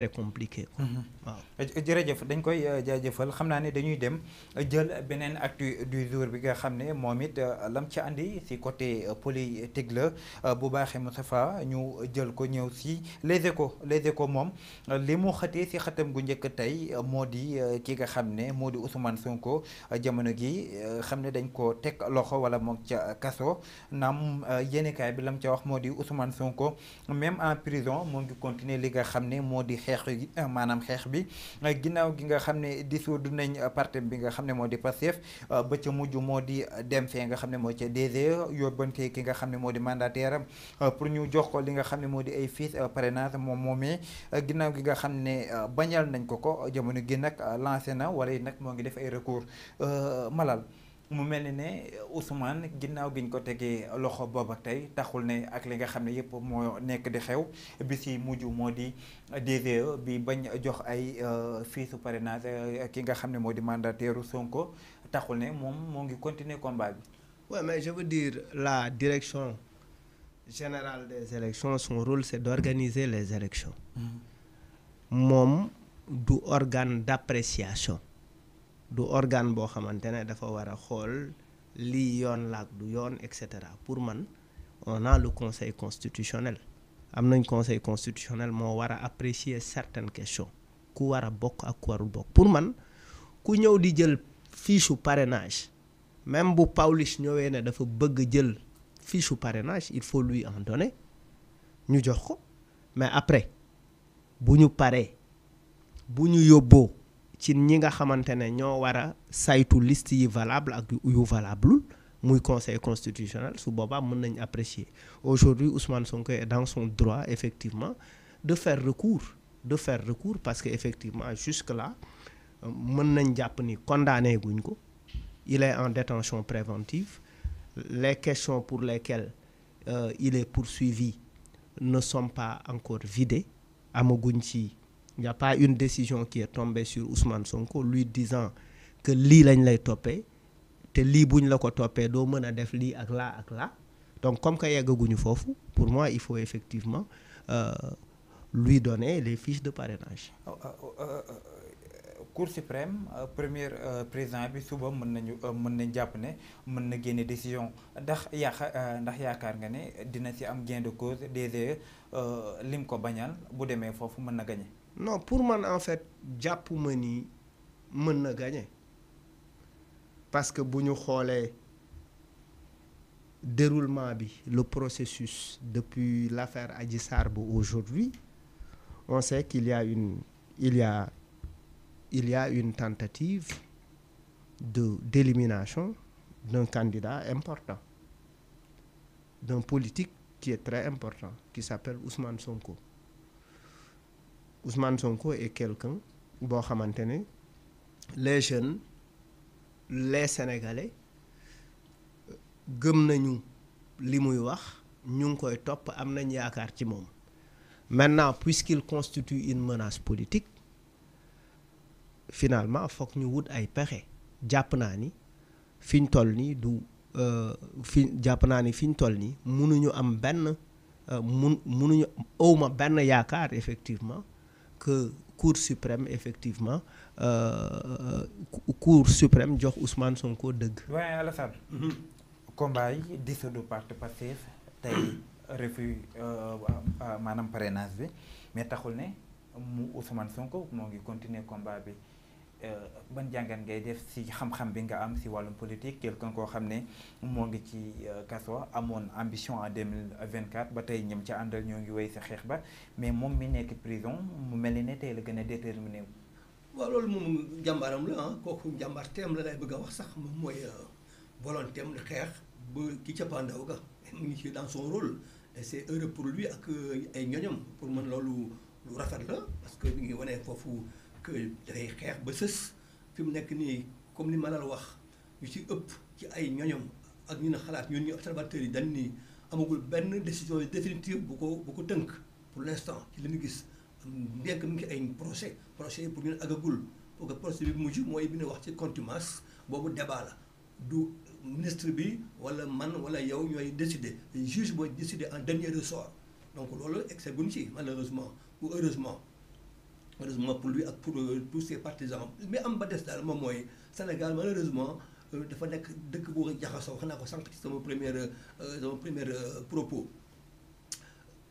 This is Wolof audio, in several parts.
très compliqué quoi mm-hmm. waaw eh, jërëjëf dañ koy eh, jaajëfal xam naa ne dañuy dem eh, jël beneen actu du jour bi nga xam ne moom it lam ci indi si côté politique la bu baaxee Moustapha ñu jël ko ñëw si les ko les ko moom li mu xatee ci xatam gu njëkk tey moo di ki nga xam ne moo di Ousmane Sonko jamono gi xam ne dañ ko teg loxo wala moom ca kaso naam yéenekaay bi lam ca wax moo di Ousmane Sonko même en prison moo ngi continuer li nga xam ne moo di xeex maanaam xeex bi ginaaw gi nga xam ne di dissoudre nañ parti bi nga xam ne moo di Pastef ba ca mujj moo di dem fee nga xam ne moo ca DGE yóbbante ki nga xam ne moo di mandataire pour ñu jox ko li nga xam ne moo di ay fiches euh, parrainage moom moomee ginaaw gi nga xam ne euh, bañal nañ ko ko jamono gi nag lancé na wala yi nag moo ngi def ay recours euh, malal mu mel Ousmane ginnaaw bi ñu ko tegee loxo booba tey taxul ne ak li nga xam ne yëpp moo nekk di xew bi si Modi moo di DGE bi bañ jox ay euh, fiisu parrainage euh, ki nga xam ne mandataire Sonko taxul ne moom moo ngi continuer combat bi. oui mais je veux dire la direction générale des élections son rôle c'est d'organiser les élections. Mom, mm-hmm. du organe d'appréciation du organe boo xamante ne dafa war a xool lii yoon laak du yoon et cetera pour man on a le conseil constitutionnel am nañ conseil constitutionnel moo war a apprécier certaines questions ku war a bokk ak ku warul bokk pour man ku ñëw di jël fiche parrainage même bu Pawlish ñëwee ne dafa bëgg jël fiche parrainage il faut lui en donner ñu jox ko mais après bu ñu paree bu ñu yóbboo ci ñi nga xamante ne ñoo war a saytu liste yi valable ak yu conseil constitutionnel su boobaa mën nañ apprécier aujourd'hui Ousmane Sonko est dans son droit effectivement de faire recours de faire recours parce que effectivement jusque là mën nañ jàpp ni condamné guñ ko il est en détention préventive les questions pour lesquelles euh, il est poursuivi ne sont pas encore vidées amaguñ ci il n'y a pas une décision qui est tombée sur Ousmane Sonko lui disant que lii lañ lay toppee te lii buñ la ko toppee doo mën a def lii ak laa ak laa donc comme que de foofu pour moi il faut effectivement euh, lui donner les fiches de parrainage. Euh, euh, Cour suprême premier président bi suba mën nañu mën nañ jàpp ne mën na génne décision ndax yaaka ndax yaakaar nga ne dina ci am gain de cause DGE lim ko bañal bu demee foofu non pour moi, en fait jàpp je gagner parce que on ñu le déroulement le processus depuis l'affaire Adjisarbo aujourd'hui on sait qu'il y a une il y a il y a une tentative de d'élimination d'un candidat important d'un politique qui est très important qui s'appelle Ousmane Sonko Ousmane Sonko est quelqu'un boo xamante les jeunes les sénégalais gëm nañu li muy wax ñu ngi koy topp am nañ yaakaar ci moom maintenant puisqu'il constitue une menace politique finalement foog ñu wut ay pexe jàpp naa ni toll du euh, fi jàpp naa ni fi toll nii mënuñu am benn euh, mënuñu awma benn yaakaar effectivement que cour suprême effectivement euh, cour suprême jox Ousmane Sonko Oui, Oui, Alassane. Mhm. combat yi dissoudre parti Pastef tey refus euh, maanaam parrainage Parenas mais taxul ne Ousmane Sonko moo le combat bi. Euh, ban jàngat ngay def si xam-xam bi nga am si walum politique quelqu'un ko hamne ne moo ngi ci euh, kaso amoon ambition en 2024 batay tey ñëm andal àndal way sa xeex ba mais moom mi nekk prison mu mel ni ne la gën a déterminé wu waaw loolu moom jàmbaaram la ah kooku jàmbaar teem la lay bëgg a wax sax moom mooy euh, volonté am xeex bu ki cappaandaw ga mu ngi ci dans son rôle et c'est heureux pour lui ak ay ñoñom pour man lolou lu rafet la parce que mi ngi wane fofu que dafay xeex ba sës fi mu nekk nii comme ni ma la wax yu ci ëpp ci ay ñoñom ak ñu ne xalaat ñun ñu observateurs yi dañ ni amagul benn décision définitive bu ko bu ko tënk pour l'instant ci li ñu gis ndekk mu ngi ci ay procès procès yi pour ñu agagul pour que procès bi mujj mooy bi ne wax ci contumace boobu débat la du ministre bi wala man wala yow ñooy décider juge booy décider en dernier ressort donc loolu excès bu ci malheureusement ou heureusement malheureusement pour lui et pour tous euh, ses partisans mais am ba des daal Sénégal malheureusement euh, dafa nekk dëkk bu jaxasoo wax naa ko sànq ci sama première euh, sama première propos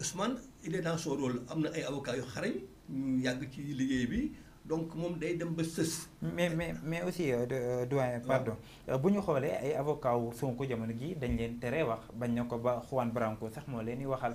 Ousmane il est dans son rôle am na ay avocats yu xarañ ñu ci liggéey bi donc moom day dem ba mais mais mais aussi doyen pardon bu ñu xoolee ay avocats wu Sonko jamono gi dañ leen tere wax bañ Juan Branco sax moo leen di waxal.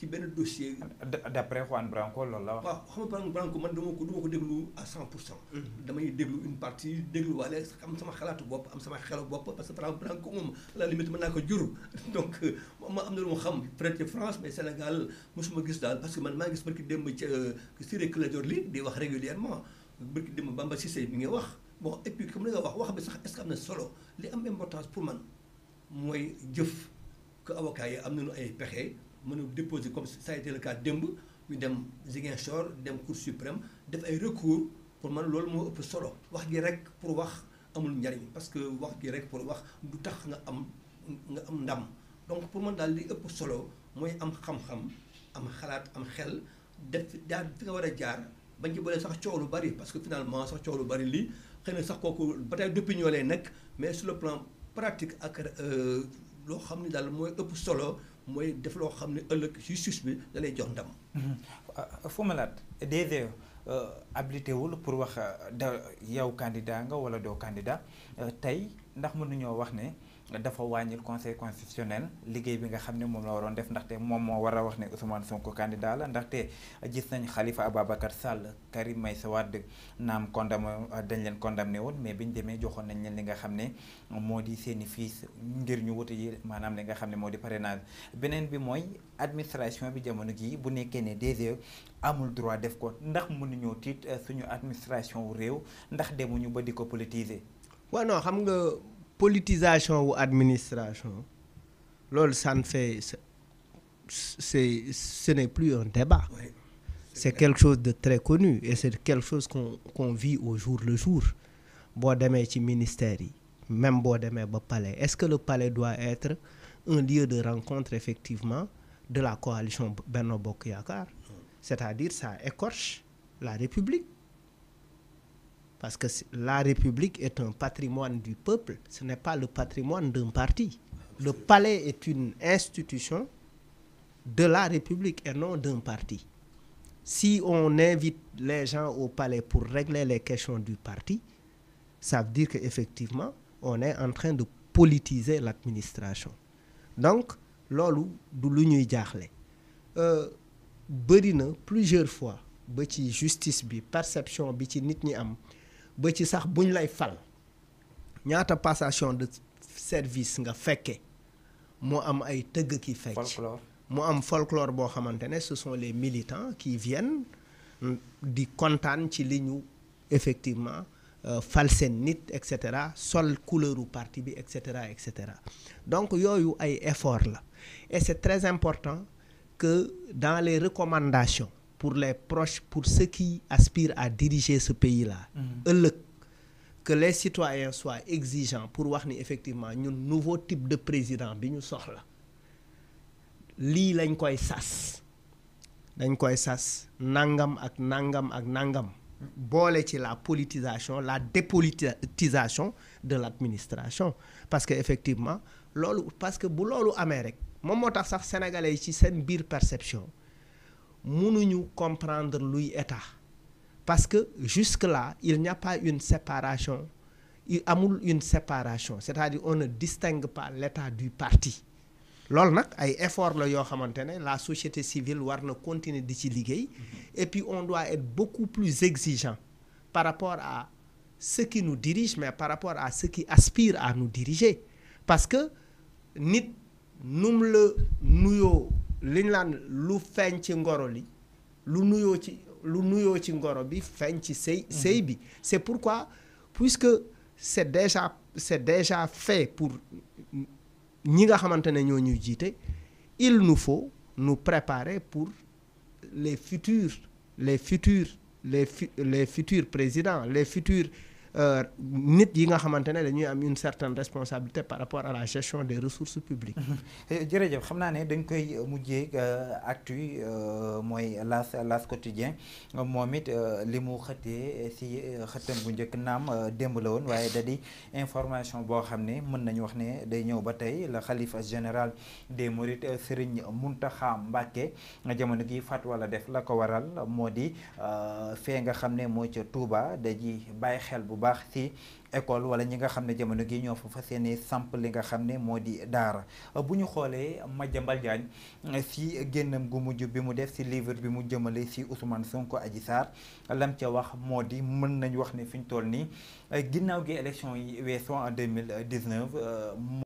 ci benn dossier. D'après Juan Branco loolu la wax. waaw Juan Branco man dama ko dama ko déglu à 100 pour cent. Mm-hmm. déglu une partie déglu wala am sama xalaatu bopp am sama xelu bop, parce que Juan Branco moom la limite man, naa ko jur. donc ma am na lu ma xam peut être France mais Sénégal mosuma gis daal parce que man maa gis barki que ca euh, Ciré Clédor Ly di wax régulièrement barki démb Bamba Cissé mi ngi wax bon et puis comme li nga wax wax bi sax est ce que am solo li am importance pour man mooy jëf que avocat yi am nañu ay pexe mën déposé déposer comme ça a été le cas demb ñu dem chor dem Cour suprême def ay recours pour man loolu moo ëpp solo wax gi rek pour wax amul njariñ parce que wax gi rek pour wax du tax nga am nga am ndam donc pour man daal li ëpp solo mooy am xam-xam am xalaat am xel def daal fi nga war a jaar bañ ci boole sax coow lu bari parce que finalement sax coow lu bari lii xëy na sax kooku bataille d'opinion lay nekk mais sur le plan pratique ak euh, loo xam ne daal mooy ëpp solo. mooy def loo xam ne ëllëg justice bi da lay jox ndam. Mhm. Euh, fu ma laat DG euh, pour wax euh, da yow candidat nga wala doo candidat tey ndax mënuñoo wax ne. dafa wàññil conseil constitutionnel liggéey bi nga xam ne moom la waroon def ndaxte moom moo war a wax ne Ousmane Sonko candidat la ndaxte gis nañ Khalifa Ababacar Sall sa waa Wade naam condamné dañ leen condamné woon mais biñ demee joxoon nañ leen li nga xam ne moo di seeni fiis ngir ñu wuti yi maanaam li nga xam ne moo di pare parrainage beneen bi mooy administration bi jamono jii bu nekkee ne DGE amul droit def ko ndax mënuñoo tiit suñu administration wu réew ndax demuñu ba di ko politisation ou administration c'est ce n'est plus un débat c'est quelque chose de très connu et c'est quelque chose qu'on vit au jour le jour ministère même bois palais est-ce que le palais doit être un lieu de rencontre effectivement de la coalition Benno Bokyakar c'est-à-dire ça écorche la République parce que la République est un patrimoine du peuple, ce n'est pas le patrimoine d'un parti. Le palais est une institution de la République et non d'un parti. Si on invite les gens au palais pour régler les questions du parti, ça veut dire qu'effectivement, on est en train de politiser l'administration. Donc, ce du euh, plusieurs fois ba justice bi perception bi ci ba ci sax buñ lay fal ñaata passation de service nga fekke mo am ay teug ki fecc mo am folklore bo xamantene ce sont les militants qui viennent mm, di contane ci liñu effectivement, effectivement euh, fal seen nit etc sol couleuru parti bi etc. etc donc yoyu ay effort la et c'est très important que dans les recommandations pour les proches, pour ceux qui aspirent à diriger ce pays-là, mm-hmm. que les citoyens soient exigeants pour voir effectivement un nouveau type de président bi ñu soxla lii lañ koy sas dañ koy nangam ak nangam ak nangam boole la politisation la dépolitisation de l'administration parce que effectivement parce que bu l'Amérique, Mon rek moom moo sénégalais ici, ci une perception nous comprendre l'état parce que jusque là il n'y a pas une séparation il amul une séparation c'est-à-dire on ne distingue pas l'état du parti lol nak ay effort la la société civile warna continuer di ci et puis on doit être beaucoup plus exigeant par rapport à ce qui nous dirige mais par rapport à ce qui aspire à nous diriger parce que nit nous le liñ lan lu feeñ ci ngoro li lu nuyo ci lu nuyo ci ngoro bi feeñ ci sey mhm. bi c'est pourquoi puisque c'est déjà c'est déjà fait pour ñi nga xamantene ñoo ñuy jité il nous faut nous préparer pour les futurs les futurs les fu les futurs présidents les futurs euh, nit yi nga xamante ne dañuy am une certaine responsabilité par rapport à la gestion des ressources publiques. Mhm. Euh, jërëjëf xam naa ne dañ koy euh, mujjee actu mooy las las quotidien moom it li mu xëtee si xëttam bu njëkk naam démb la woon waaye da di information boo xam ne mën nañu wax ne day ñëw ba tey la xalifa général des mourides Serigne Mountakha Mbacké jamono gi fat wala def la ko waral moo di fee nga xam ne moo ca Touba da ji bàyyi xel bu baax si école wala ñi nga xam ne jamono gi ñoo fa fas yéene samp li nga xam ne moo di daara bu ñu xoolee Madiambal Diagne si génnam gu mujj bi mu def si livre bi mu jëmale si Ousmane Sonko aji Sarr lam ca wax moo di mën nañ wax ne fi ñu toll nii ginnaaw gi élection yi weesoo en 2019